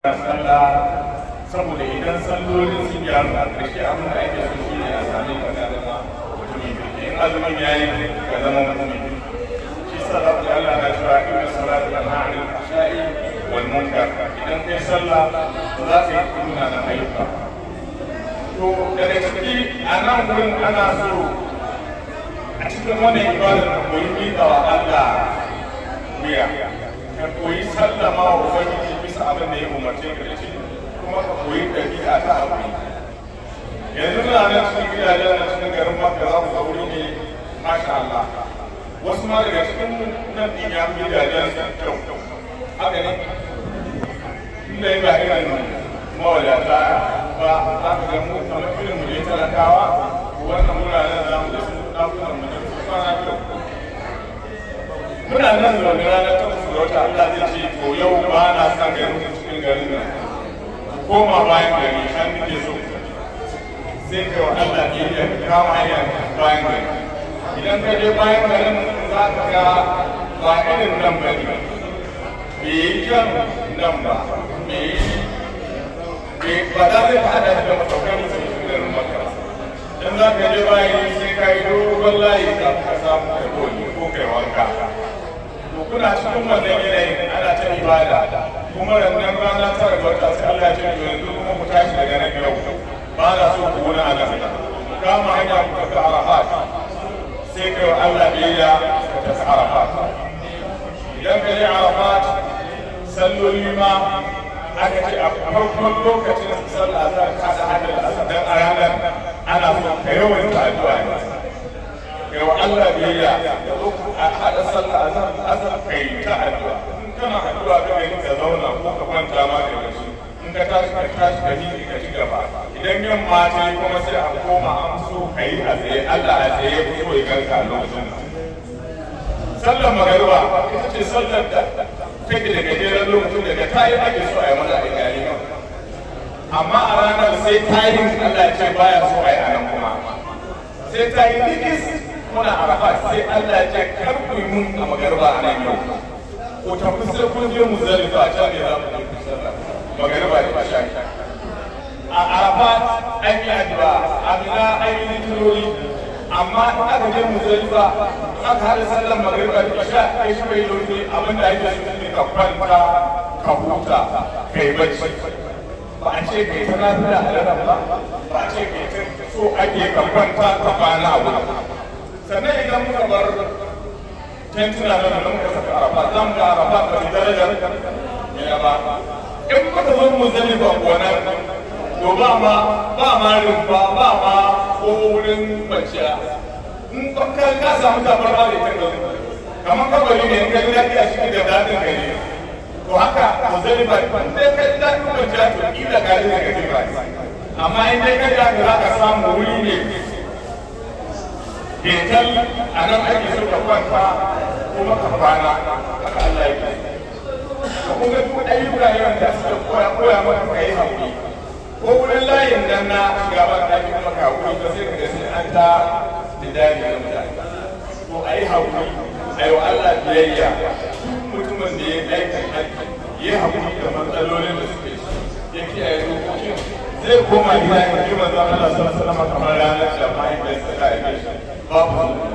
saboda idan sallolin sun gyaru a ƙarshe abin da ake so shi ne a sami ka ga zama mutumin kirki in azumin ya yi ka zama mutumin kirki shi salatu Allah na cewa ibn salatu an ha'arin asha'i wal munkar idan kai sallah ba za ka yi kuna na ayyuka to daga ciki a nan wurin ana so a cikin wannan ibadar ka koyi miƙa wa Allah wuya ka koyi sallama wa ubangiji bisa abin da ya umarce ka da shi kuma ka koyi ta haƙuri yanzu na nan cikin gidajen na cikin garin makka za ku ga ne masha Allah wasu ma daga cikin nan ɗin ya fi gidajen kyau haka ne inda ya ba irin mawadata ba za ka ga mu kamar irin mu ne talakawa wannan wuraren za mu da su ɗakunan mu ne su kyau muna nan ranar da ta Allah zai ce to yau ba na son ganin cikin garin nan koma bayan gari an nake so sai kai wa Allah ke yi ka kama hanya bayan gari idan ka je bayan garin za ka ga ba irin nan ba ne bai yi kyan nan ba bai yi ba za zai fada da matakan cikin garin makara dan za ka je bayan sai ka yi dogon layi ka samu kai ko kai wanka to kuna cikin wannan yanayin ana ta ibada kuma rannan rana ta rabata sai Allah ya ce yanzu kuma ku tashi daga nan yau ba na so ku wani a nan kama hanya ku tafi arafat sai ka yi Allah biyayya ka tafi arafat idan ka je arafat salloli ma aka ce a farkon lokacin sallah za ka kasa hada sa ka yi ta addu'a in kana addu'a ka yi ka zauna ko ka kwanta ma da gashi in ka tashi ka tashi ka miƙe ka ci gaba idan yamma ta yi kuma sai a koma an so ka yi a tsaye Allah a tsaye ya fito ya ganka a lokacin sallar magariba ita ce sallar da take da gajeren lokacin daga ta yi ake so a yi mana a gari amma a ranar sai ta yi Allah ce baya so a yi a nan kuma sai ta yi likis kuna arafa sai Allah ya ce kar ku yi mun a magarba a nan yau ko ta fi sai kun je muzalifa ta ne za mu yi magarba ne ba shan a arafa an yi addu'a a mina an yi litiroli amma in aka je muzalifa aka hada sallar magarba da sha ai shi bai lokaci abin da ake so ne ka kwanta ka huta kai bacci ba a ce kai ta nafi da halarar ba ba a ce kai so ake ka kwanta ka kwana abu sannan idan muka bar tentuna nan nan muka saka arafa za mu ga arafa ba ta darajar ya ba in muka zo mu zali ba gona to ba ma ba ma rumfa ba ma ko wurin kwanciya in ka ka samu kamar ba ita ga kamar kabari ne in ka yi lafiya shi da dadin gari to haka mu zali ba ne. dai ka yi dadin kwanciya to kila gari ne ka ba amma in dai ka yi za ka samu wuri ne Betel a nan ake so ka kwanta kuma ka kwana haka Allah ya kai. Ka kuma duk ayyuka yawan da suka koya koya maka ka yi haƙuri. Ko wurin layin nan na gaba da ake kuma ka haƙuri ba sai ka ga sai an ta da dare na mutane. Ko a yi haƙuri a yi wa Allah biyayya mutumin da ya aikin aiki ya haƙuri da matsalolin da suke ya kiyaye dokokin zai koma gida ya ji manzon Allah sallallahu alaihi wasallam kamar ranar da mahaifiyarsa ta aike shi up